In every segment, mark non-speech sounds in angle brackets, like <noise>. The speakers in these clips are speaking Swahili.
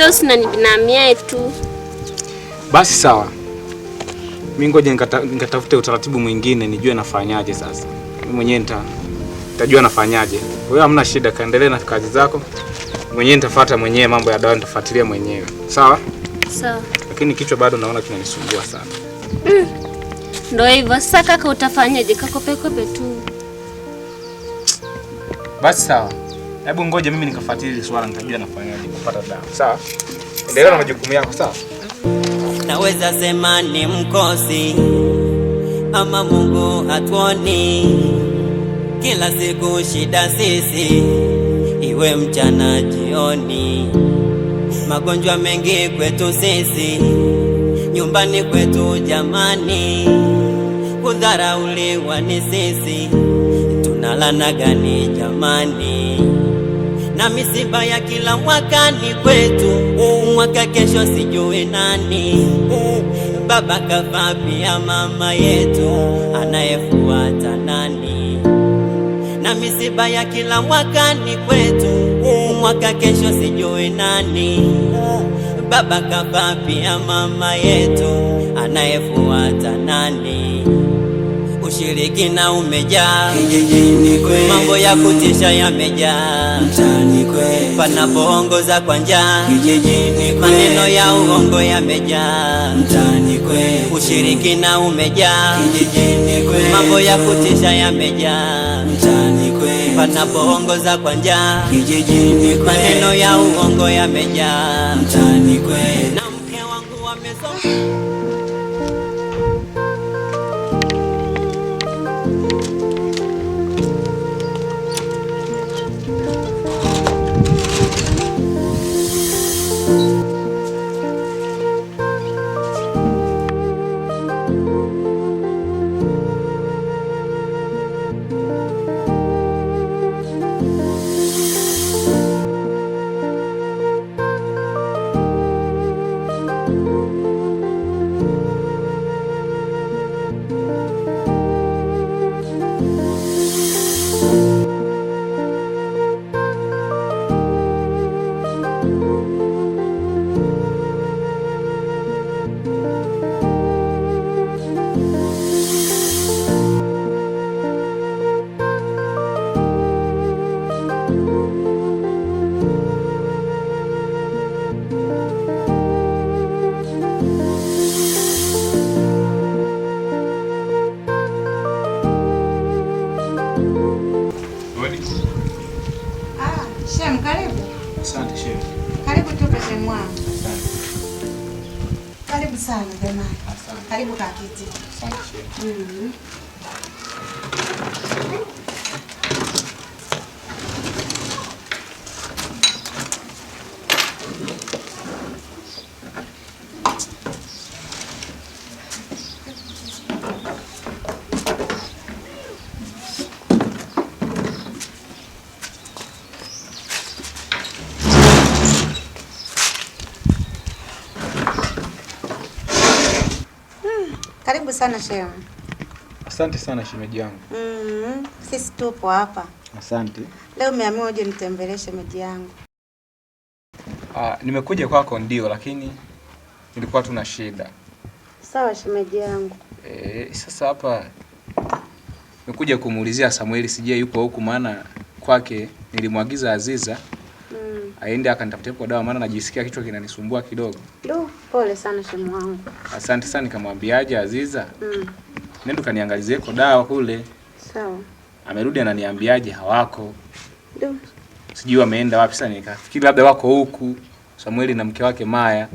hilo sina binamia tu. Basi sawa, mi ngoja nikatafute utaratibu mwingine nijue nafanyaje. Sasa mi mwenyewe nitajua nafanyaje. Wewe hamna shida, kaendelee na kazi zako mwenyewe, nitafuata mwenyewe mambo ya dawa nitafuatilia mwenyewe. Sawa sawa, lakini kichwa bado naona kinanisumbua sana. Mm. Ndio hivyo sasa. Kaka, utafanyaje? Kakopekope tu. Basi sawa. Hebu ngoja mimi nikafuatilia swala nitajua nafanyaje kupata dawa. Sawa. Endelea na majukumu yako sawa? Naweza sema ni mkosi ama Mungu hatuoni, kila siku shida sisi, iwe mchana jioni, magonjwa mengi kwetu sisi, nyumbani kwetu jamani, kudharauliwa ni sisi, tunalana gani jamani? na misiba ya kila mwaka ni kwetu, mwaka kesho sijui nani. Baba kafa pia mama yetu, anayefuata nani? Na misiba ya kila mwaka ni kwetu, mwaka kesho sijui nani. Baba kafa pia mama yetu, anayefuata nani? ushirikina umejaa, mambo ya kutisha yamejaa, panapoongoza kwa njaa, maneno ya uongo yamejaa, ushirikina umejaa, mambo ya kutisha yamejaa, panapoongoza kwa njaa, maneno ya uongo yamejaa you Karibu tu pese mwangu. Karibu sana jamani. Karibu kakiti. Asante. Mm-hmm. sana shemu. Asante sana shemeji yangu. Mm, sisi tupo hapa. Asante. Leo umeamua uje nitembelee shemeji yangu. Ah, nimekuja kwako ndio, lakini nilikuwa tuna shida. Sawa shemeji yangu. Eh, sasa hapa nimekuja kumuulizia Samueli, sije yupo huku, maana kwake nilimwagiza Aziza aende akanitafutia kwa dawa, maana najisikia kichwa kinanisumbua kidogo. Du, pole sana shemu wangu. Asante sana. Nikamwambiaje Aziza? Mm. Nenda kaniangalizie kwa dawa kule. Sawa. Amerudi ananiambiaje hawako. Du. Sijui wameenda wapi sana, nikafikiri labda wako huku Samueli na mke wake Maya.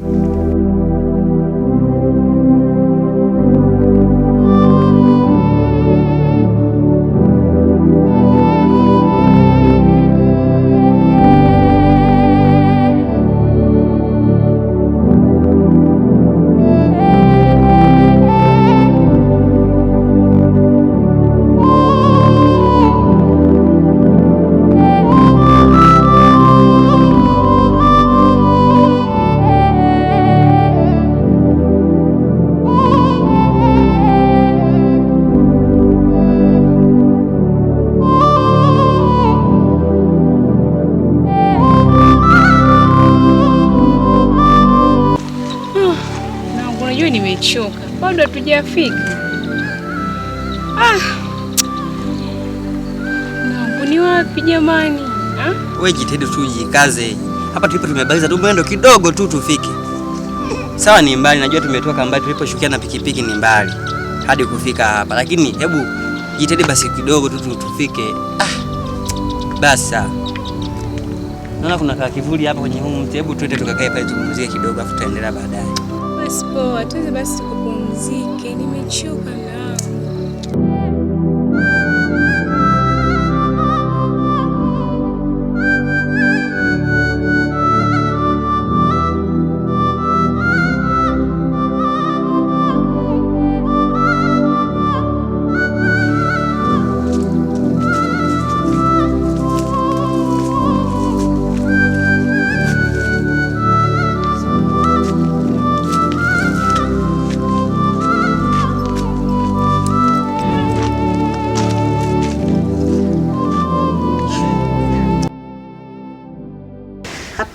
hujafika. Ah, naomba ni wapi jamani? Wewe jitahidi tu, jikaze. Hapa tulipo tumebaliza tu mwendo kidogo tu tufike. Sawa, ni mbali, najua tumetoka mbali, tuliposhukia na pikipiki ni mbali hadi kufika hapa, lakini hebu jitahidi basi kidogo tu tufike. Ah, basa naona kuna kakivuli hapa kwenye huu mti, hebu tuende tukakae pale tupumzike kidogo, afu tutaendelea baadaye. Basi poa, tuweze basi tukupumzike, nimechoka na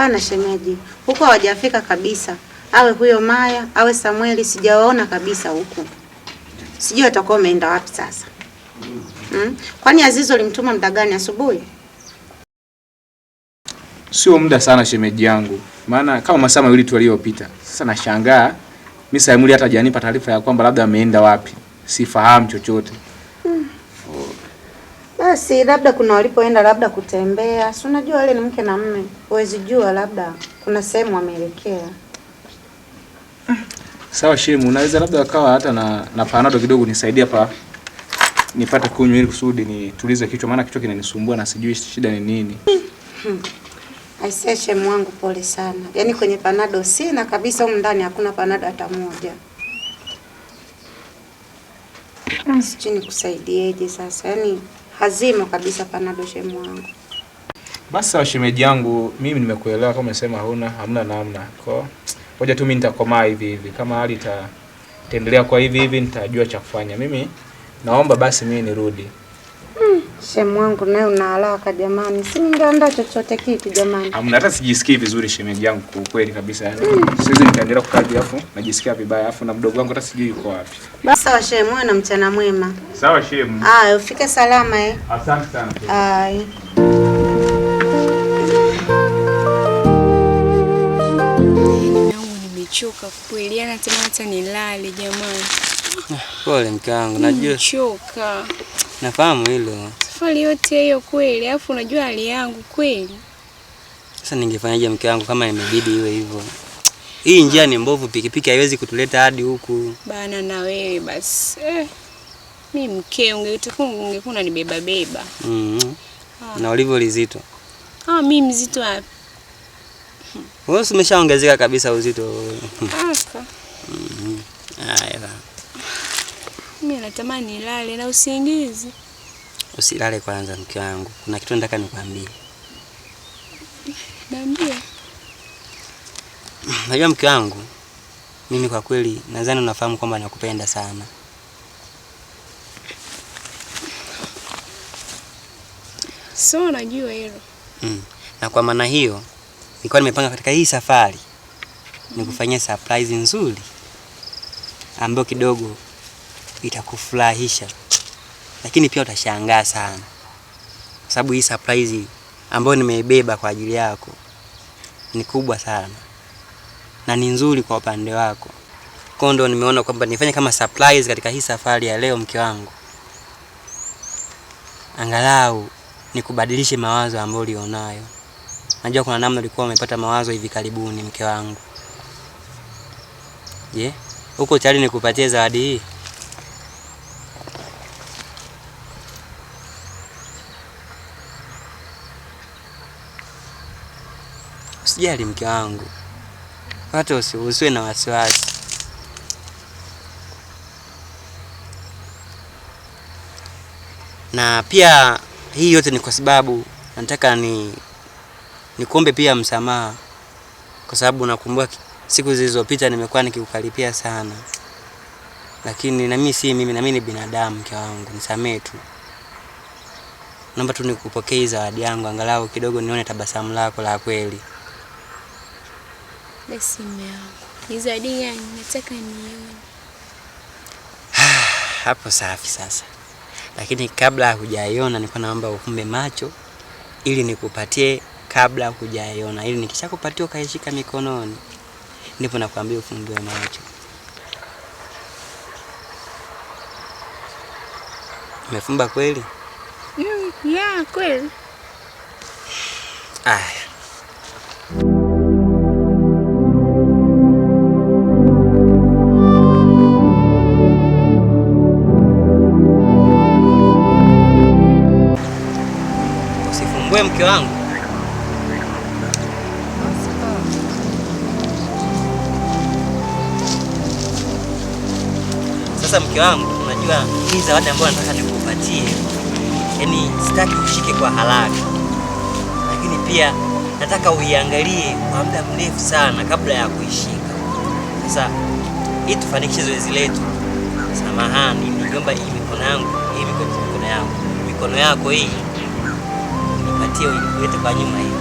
Hapana shemeji, huko hawajafika kabisa. Awe huyo Maya awe samweli sijawaona kabisa huku. Sijui watakuwa wameenda wapi sasa. Hmm? Kwani Azizo limtuma muda gani asubuhi? Sio muda sana shemeji yangu, maana kama masaa mawili tu aliyopita. Sasa nashangaa mimi Samueli hata hajanipa taarifa ya kwamba labda ameenda wapi, sifahamu chochote basi labda kuna walipoenda labda kutembea, si unajua wale ni mke na mme, huwezi jua, labda kuna sehemu wameelekea. Sawa Shemu, unaweza labda wakawa hata na, na panado kidogo nisaidie hapa nipate kunywa ili kusudi nitulize kichwa, maana kichwa kinanisumbua na sijui shida ni nini. Hmm. Aisee, Shemu wangu pole sana, yaani kwenye panado sina kabisa, huko ndani hakuna panado hata moja. Hmm. Sijui nikusaidieje sasa, yaani hazima kabisa panado shemu wangu. Basi sawa, shemeji yangu, mimi nimekuelewa. Kama umesema hauna hamna namna, kwa ngoja tu mimi nitakomaa hivi hivi, kama hali itaendelea kwa hivi hivi, nitajua cha kufanya. Mimi naomba basi mimi nirudi. Shemu wangu naye una haraka jamani, si ningeandaa chochote kitu jamani. Amna hata sijisikii vizuri shemeji yangu kwa kweli kabisa yani. Mm. Siwezi nikaendelea kukaa hivi afu najisikia vibaya afu na mdogo wangu hata sijui yuko wapi. sawa shemu, wewe na mchana mwema. Sawa shemu. Ah, ufike salama eh. Asante sana. Ai. Nimechoka kweli, yana tena hata nilale jamani. Pole mke wangu, najua nimechoka. Nafahamu hilo. Safari yote hiyo kweli, alafu unajua hali yangu kweli. Sasa ningefanyaje mke wangu kama imebidi iwe hivyo? Hii njia ni mbovu, pikipiki haiwezi kutuleta hadi huku. Bana na wewe basi. Eh. Mi mke ungekuwa unanibeba beba. Mm -hmm. Ah. Na ulivyo lizito. Ah, mi mzito wapi? Wewe umeshaongezeka kabisa uzito. Asa. Mm -hmm. Haya. Mimi natamani nilale na usingizi. Usilale kwanza, mke wangu, kuna kitu nataka nikwambie. Naambia. <clears throat> Najua mke wangu, mimi kwa kweli nadhani unafahamu kwamba nakupenda sana. So najua hilo mm. Na kwa maana hiyo nilikuwa nimepanga katika hii safari mm-hmm. nikufanyia surprise nzuri ambayo kidogo itakufurahisha, lakini pia utashangaa sana, kwa sababu hii surprise ambayo nimeibeba kwa ajili yako ni kubwa sana na ni nzuri kwa upande wako. Kwa ndo nimeona kwamba nifanye kama surprise katika hii safari ya leo, mke wangu, angalau nikubadilishe mawazo ambayo ulionayo. Najua kuna namna ulikuwa umepata mawazo hivi karibuni, mke wangu. Je, yeah, uko tayari nikupatie zawadi hii? usijali mke wangu, hata usiwe na wasiwasi. Na pia hii yote ni kwa sababu nataka ni nikuombe pia msamaha, kwa sababu nakumbuka siku zilizopita nimekuwa nikikukaripia sana, lakini na mimi si mimi, na mimi ni binadamu. Mke wangu, nisamee tu, naomba tu nikupokee zawadi yangu, angalau kidogo nione tabasamu lako la kweli. Basi mume wangu, ni zawadi gani nataka nione? <sighs> Hapo safi sasa, lakini kabla hujaiona nilikuwa naomba ufumbe macho ili nikupatie kabla hujaiona, ili nikishakupatia ukaishika mikononi ndipo nakwambia ufumbe macho. Umefumba kweli? Mm, yeah, kweli. <sighs> Ah. mke wangu sasa. Mke wangu, unajua hii zawadi ambayo nataka nikupatie, yaani sitaki ushike kwa haraka, lakini pia nataka uiangalie kwa muda mrefu sana kabla ya kuishika. Sasa hii tufanikishe zoezi letu. Samahani, niliomba hii mikono yangu, hii mikono yangu, mikono yako hii nipatie uwete kwa nyuma hiyo.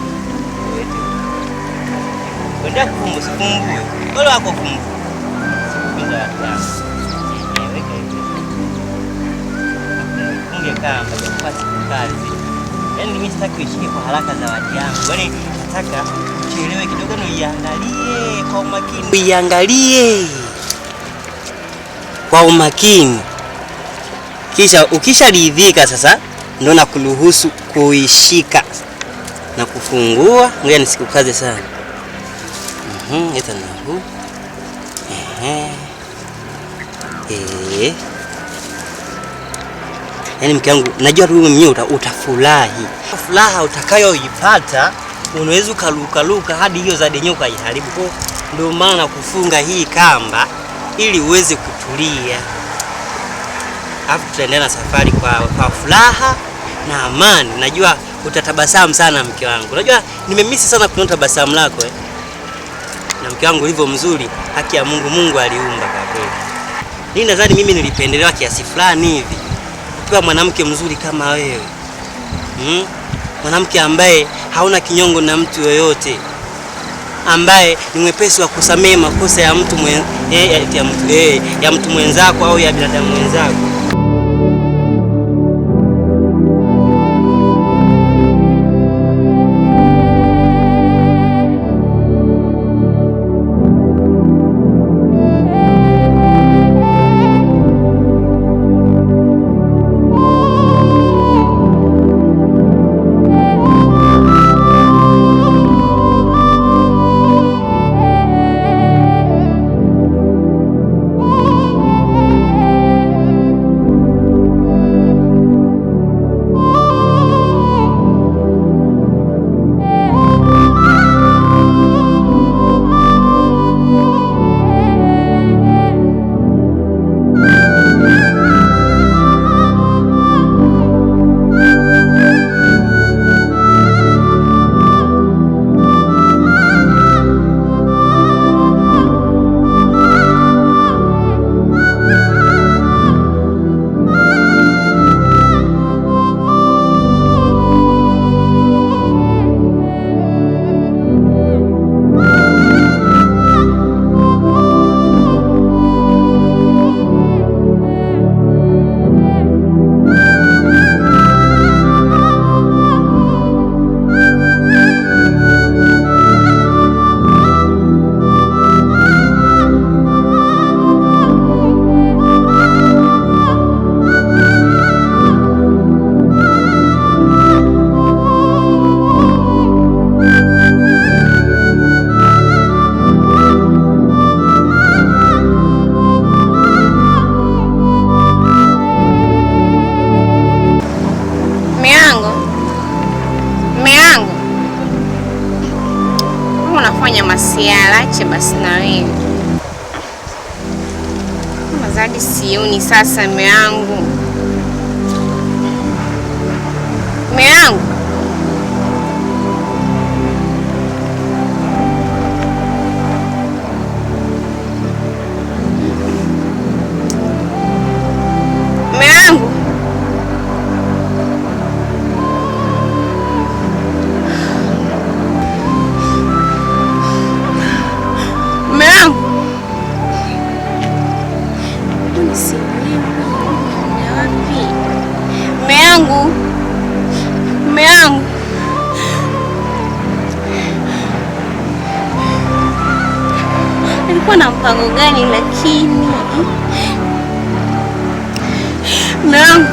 Kwenda kumbu, sikumbu. wako kumbu. Niweka eh, hivi. kazi. Yaani mimi sitaki kwa haraka za yangu. Yaani nataka uchelewe kidogo na uiangalie kwa umakini. Uiangalie kwa umakini. Kisha sasa ndo nakuruhusu kuishika na kufungua. Ngoja nisikukaze sana. Mhm, eta nangu. Ehe. Eh. Yaani mke wangu, najua tu mwenyewe utafurahi. Furaha utakayoipata unaweza ukalukaluka hadi hiyo zadi denyo ukaiharibu. Kwa ndio maana kufunga hii kamba ili uweze kutulia, afu tutaendelea na safari kwa, kwa furaha na amani. Najua utatabasamu sana mke wangu. Unajua nimemisi sana kuona tabasamu lako eh. Na mke wangu ulivyo mzuri, haki ya Mungu, Mungu aliumba kwa kweli. Mimi nadhani mimi nilipendelewa kiasi fulani hivi, ukiwa mwanamke mzuri kama wewe hmm? mwanamke ambaye hauna kinyongo na mtu yoyote, ambaye ni mwepesi wa kusamehe makosa ya mtu mwe, eh, ya mtu, eh, ya mtu mwenzako au ya binadamu mwenzako. kwanza hadi sioni sasa, mme wangu, mme wangu wangu, mume wangu. Nilikuwa na mpango gani? Lakini mume wangu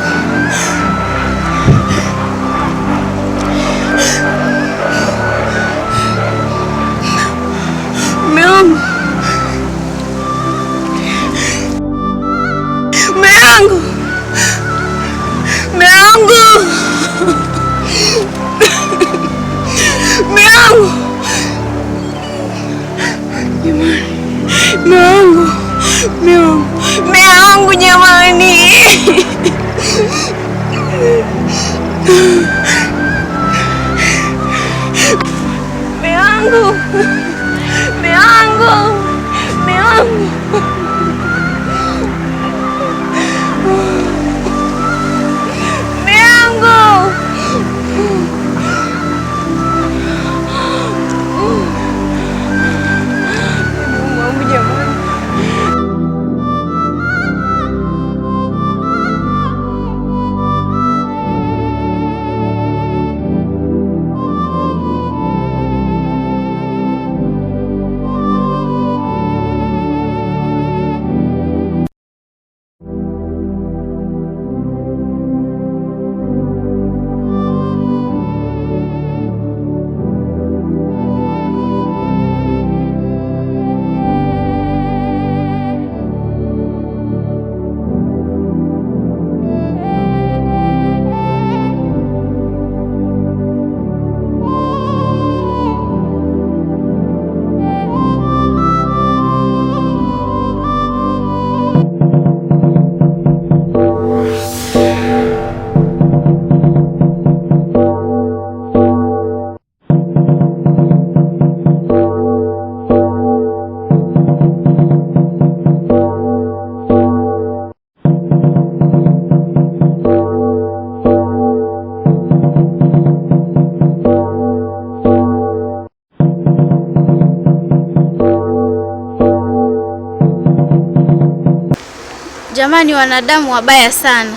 mume wangu Não! Minha mãe. Não! Meu. Meu, minha mãe! Meu. Meu. Meu. Meu. Meu. Jamani, wanadamu wabaya sana.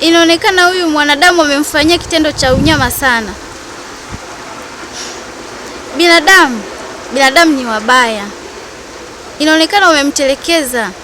Inaonekana huyu mwanadamu amemfanyia kitendo cha unyama sana. Binadamu, binadamu ni wabaya. Inaonekana umemtelekeza.